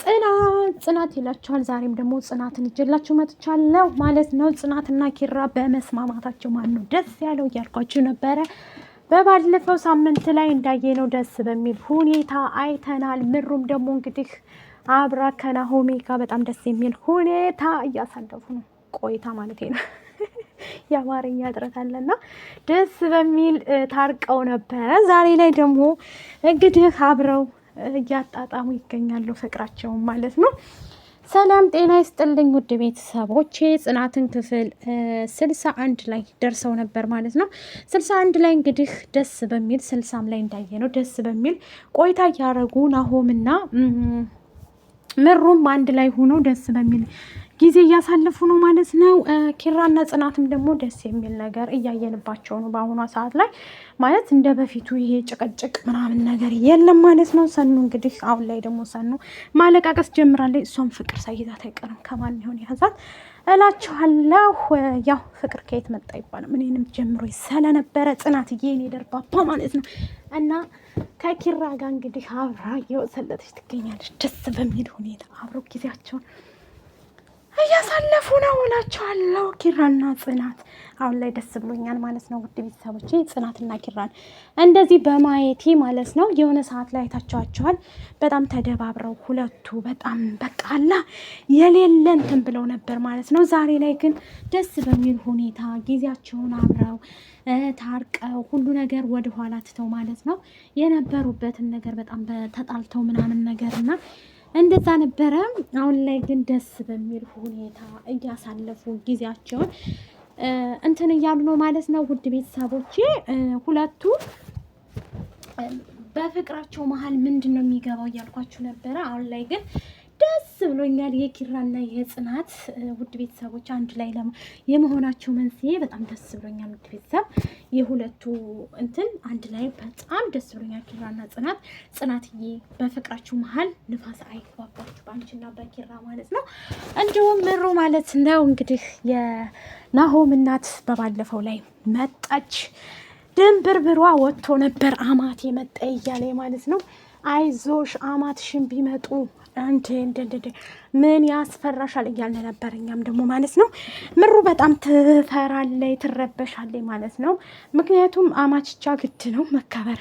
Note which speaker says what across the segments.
Speaker 1: ጽናት ጽናት ይላችኋል። ዛሬም ደግሞ ጽናትን ይዤላችሁ መጥቻለሁ ማለት ነው። ጽናትና ኪራ በመስማማታቸው ማን ነው ደስ ያለው እያልኳችሁ ነበረ። በባለፈው ሳምንት ላይ እንዳየነው ደስ በሚል ሁኔታ አይተናል። ምሩም ደግሞ እንግዲህ አብራ ከናሆሜ ጋር በጣም ደስ የሚል ሁኔታ እያሳለፉ ነው ቆይታ ማለት ነው። የአማርኛ እጥረት አለና ደስ በሚል ታርቀው ነበረ። ዛሬ ላይ ደግሞ እንግዲህ አብረው እያጣጣሙ ይገኛሉ ፍቅራቸውን ማለት ነው። ሰላም ጤና ይስጥልኝ ውድ ቤተሰቦቼ ጽናትን ክፍል ስልሳ አንድ ላይ ደርሰው ነበር ማለት ነው። ስልሳ አንድ ላይ እንግዲህ ደስ በሚል ስልሳም ላይ እንዳየ ነው ደስ በሚል ቆይታ እያደረጉ ናሆምና ምሩም አንድ ላይ ሆኖ ደስ በሚል ጊዜ እያሳለፉ ነው ማለት ነው። ኪራና ጽናትም ደግሞ ደስ የሚል ነገር እያየንባቸው ነው በአሁኗ ሰዓት ላይ ማለት እንደ በፊቱ ይሄ ጭቅጭቅ ምናምን ነገር የለም ማለት ነው። ሰኑ እንግዲህ አሁን ላይ ደግሞ ሰኑ ማለቃቀስ ጀምራለች። እሷም ፍቅር ሳይዛት አይቀርም ከማን ይሆን ያዛት እላችኋለሁ። ያው ፍቅር ከየት መጣ ይባላል። እኔንም ጀምሮ ስለነበረ ጽናትዬ እኔ ደርባባ ማለት ነው እና ከኪራ ጋር እንግዲህ አብራ እየወሰለተች ትገኛለች። ደስ በሚል ሁኔታ አብሮ ጊዜያቸውን እያሳለፉ ነው እላቸዋለሁ። ኪራና ጽናት አሁን ላይ ደስ ብሎኛል ማለት ነው። ውድ ቤተሰቦቼ ጽናትና ኪራን እንደዚህ በማየቴ ማለት ነው። የሆነ ሰዓት ላይ አይታቸዋቸዋል። በጣም ተደባብረው ሁለቱ በጣም በቃላ የሌለ እንትን ብለው ነበር ማለት ነው። ዛሬ ላይ ግን ደስ በሚል ሁኔታ ጊዜያቸውን አብረው ታርቀው ሁሉ ነገር ወደኋላ ትተው ማለት ነው የነበሩበትን ነገር በጣም ተጣልተው ምናምን ነገር እና እንደዛ ነበረ። አሁን ላይ ግን ደስ በሚል ሁኔታ እያሳለፉ ጊዜያቸውን እንትን እያሉ ነው ማለት ነው። ውድ ቤተሰቦቼ ሁለቱ በፍቅራቸው መሀል ምንድን ነው የሚገባው እያልኳችሁ ነበረ። አሁን ላይ ግን ደስ ብሎኛል። የኪራና የጽናት ውድ ቤተሰቦች አንድ ላይ የመሆናቸው መንስኤ በጣም ደስ ብሎኛል። ውድ ቤተሰብ የሁለቱ እንትን አንድ ላይ በጣም ደስ ብሎኛል። ኪራና ጽናት ጽናትዬ፣ በፍቅራችሁ መሀል ንፋስ አይግባባችሁ በአንቺና በኪራ ማለት ነው። እንዲሁም ምሩ ማለት ነው እንግዲህ የናሆም እናት በባለፈው ላይ መጣች። ድንብርብሯ ወጥቶ ነበር። አማት የመጣ እያለ ማለት ነው። አይዞሽ አማትሽን ቢመጡ እንዴ እንደ ምን ያስፈራሻል እያለ ነበር። እኛም ደግሞ ማለት ነው ምሩ በጣም ትፈራለይ ትረበሻለይ ማለት ነው። ምክንያቱም አማችቻ ግድ ነው መከበር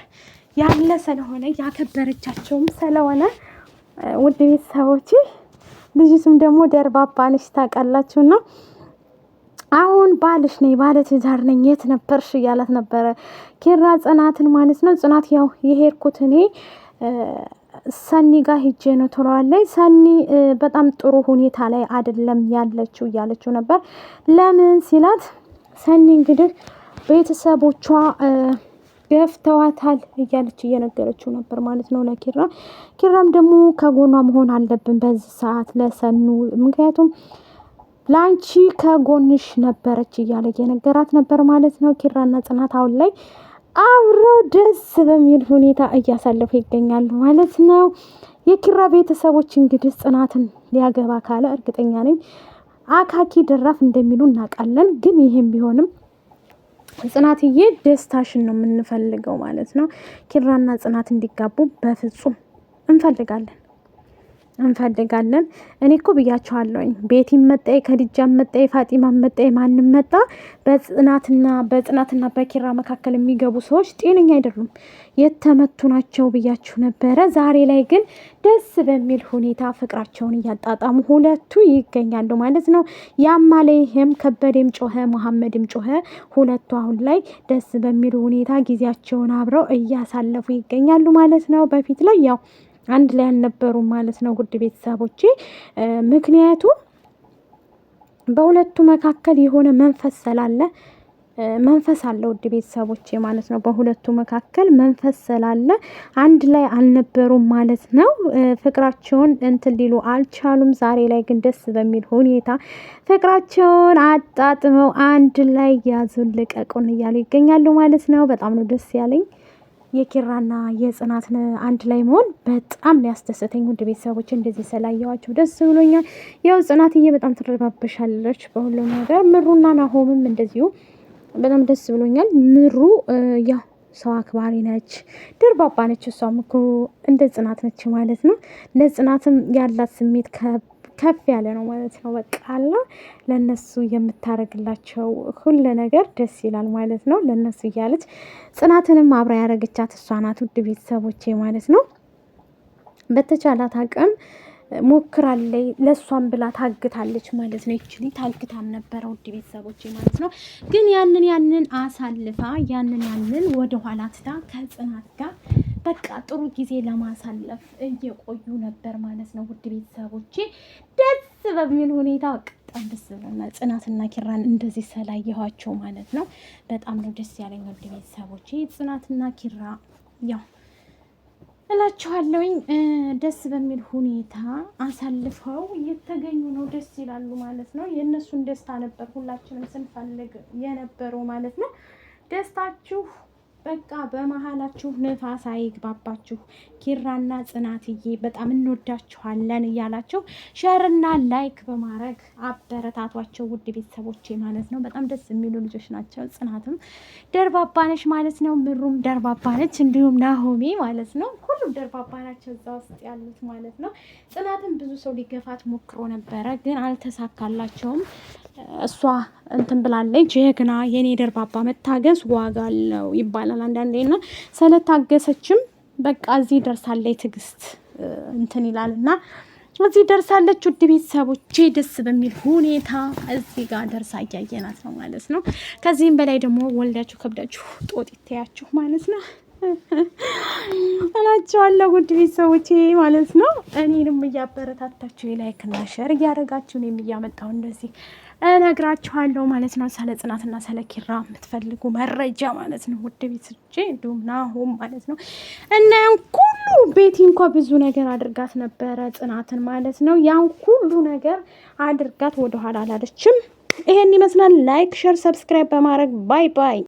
Speaker 1: ያለ ስለሆነ ያከበረቻቸውም ስለሆነ ውድ ቤተሰቦች ልጅቱም ደግሞ ደርባባነች ታውቃላችሁና አሁን ባልሽ ነኝ ባለ ትዳር ነኝ የት ነበርሽ እያላት ነበረ ኪራ ጽናትን ማለት ነው። ጽናት ያው የሄድኩት እኔ ሰኒ ጋር ሂጄ ነው ትለዋለች። ሰኒ በጣም ጥሩ ሁኔታ ላይ አይደለም ያለችው እያለችው ነበር። ለምን ሲላት ሰኒ እንግዲህ ቤተሰቦቿ ገፍተዋታል እያለች እየነገረችው ነበር ማለት ነው ለኪራ። ኪራም ደግሞ ከጎኗ መሆን አለብን በዚህ ሰዓት ለሰኑ ምክንያቱም ለአንቺ ከጎንሽ ነበረች እያለ እየነገራት ነበር ማለት ነው። ኪራና ጽናት አሁን ላይ አብረው ደስ በሚል ሁኔታ እያሳለፉ ይገኛሉ ማለት ነው። የኪራ ቤተሰቦች እንግዲህ ጽናትን ሊያገባ ካለ እርግጠኛ ነኝ አካኪ ድራፍ እንደሚሉ እናውቃለን። ግን ይህም ቢሆንም ጽናትዬ ደስታሽን ነው የምንፈልገው ማለት ነው። ኪራና ጽናት እንዲጋቡ በፍጹም እንፈልጋለን። እንፈልጋለን። እኔ እኮ ብያቸዋለሁኝ ቤቲም መጣ፣ ከድጃም መጣ፣ ፋጢማ መጣ፣ ማንም መጣ በጽናትና በጽናትና በኪራ መካከል የሚገቡ ሰዎች ጤነኛ አይደሉም፣ የተመቱ ናቸው ብያችሁ ነበረ። ዛሬ ላይ ግን ደስ በሚል ሁኔታ ፍቅራቸውን እያጣጣሙ ሁለቱ ይገኛሉ ማለት ነው። ያማለይህም ከበድም ጮኸ፣ መሐመድም ጮኸ። ሁለቱ አሁን ላይ ደስ በሚል ሁኔታ ጊዜያቸውን አብረው እያሳለፉ ይገኛሉ ማለት ነው። በፊት ላይ ያው አንድ ላይ አልነበሩም ማለት ነው ውድ ቤተሰቦቼ። ምክንያቱም በሁለቱ መካከል የሆነ መንፈስ ስላለ መንፈስ አለ ውድ ቤተሰቦቼ ማለት ነው። በሁለቱ መካከል መንፈስ ስላለ አንድ ላይ አልነበሩም ማለት ነው። ፍቅራቸውን እንትን ሊሉ አልቻሉም። ዛሬ ላይ ግን ደስ በሚል ሁኔታ ፍቅራቸውን አጣጥመው አንድ ላይ ያዙን ልቀቁን እያሉ ይገኛሉ ማለት ነው። በጣም ነው ደስ ያለኝ። የኪራና የጽናትን አንድ ላይ መሆን በጣም ሊያስደሰተኝ ውድ ቤተሰቦች እንደዚህ ስላየዋቸው ደስ ብሎኛል። ያው ጽናትዬ በጣም ትረባበሻለች በሁሉም ነገር። ምሩና ናሆምም እንደዚሁ በጣም ደስ ብሎኛል። ምሩ ያው ሰው አክባሪ ነች፣ ደርባባ ነች። እሷም እኮ እንደ ጽናት ነች ማለት ነው። ለጽናትም ያላት ስሜት ከ ከፍ ያለ ነው ማለት ነው። በቃ አላ ለእነሱ የምታደርግላቸው ሁሉ ነገር ደስ ይላል ማለት ነው። ለእነሱ እያለች ጽናትንም አብራ ያደረገቻት እሷ ናት። ውድ ቤተሰቦቼ ማለት ነው በተቻላት አቅም ሞክራለይ ለእሷም ብላ ታግታለች ማለት ነው። ይችሊ ታግታም ነበረ ውድ ቤተሰቦች ማለት ነው። ግን ያንን ያንን አሳልፋ ያንን ያንን ወደኋላ ትታ ከጽናት ጋር በቃ ጥሩ ጊዜ ለማሳለፍ እየቆዩ ነበር ማለት ነው። ውድ ቤተሰቦቼ ደስ በሚል ሁኔታ በጣም ደስ ብሎናል። ጽናትና ኪራን እንደዚህ ስላየኋቸው ማለት ነው በጣም ነው ደስ ያለኝ። ውድ ቤተሰቦቼ ጽናትና ኪራ ያው እላችኋለሁኝ ደስ በሚል ሁኔታ አሳልፈው እየተገኙ ነው። ደስ ይላሉ ማለት ነው። የእነሱን ደስታ ነበር ሁላችንም ስንፈልግ የነበረው ማለት ነው። ደስታችሁ በቃ በመሀላችሁ ንፋስ አይግባባችሁ። ኪራና ጽናትዬ በጣም እንወዳችኋለን እያላችሁ ሸርና ላይክ በማድረግ አበረታቷቸው ውድ ቤተሰቦቼ ማለት ነው። በጣም ደስ የሚሉ ልጆች ናቸው። ጽናትም ደርባባነች ማለት ነው። ምሩም ደርባባነች፣ እንዲሁም ናሆሜ ማለት ነው። ሁሉም ደርባባ ናቸው እዛ ውስጥ ያሉት ማለት ነው። ጽናትም ብዙ ሰው ሊገፋት ሞክሮ ነበረ፣ ግን አልተሳካላቸውም እሷ እንትን ብላለች። ጀግና የኔ ደርባባ መታገስ ዋጋ አለው ይባላል አንዳንዴ እና ስለታገሰችም በቃ እዚህ ደርሳለች። ትዕግስት እንትን ይላል እና እዚህ ደርሳለች። ውድ ቤተሰቦቼ ደስ በሚል ሁኔታ እዚህ ጋር ደርሳ እያየናት ነው ማለት ነው። ከዚህም በላይ ደግሞ ወልዳችሁ ከብዳችሁ ጦጥ ይታያችሁ ማለት ነው እላቸዋለሁ ውድ ቤተሰቦቼ ማለት ነው። እኔንም እያበረታታችሁ ላይክና ሸር እያደረጋችሁ እኔም እያመጣሁ እንደዚህ እነግራችኋለሁ ማለት ነው። ስለ ጽናትና ስለ ኪራ የምትፈልጉ መረጃ ማለት ነው። ውድ ቤት እጄ እንዲሁም ናሆም ማለት ነው እና ያን ሁሉ ቤቲ እንኳ ብዙ ነገር አድርጋት ነበረ ጽናትን ማለት ነው። ያን ሁሉ ነገር አድርጋት ወደኋላ አላለችም። ይሄን ይመስላል። ላይክ፣ ሸር፣ ሰብስክራይብ በማድረግ ባይ ባይ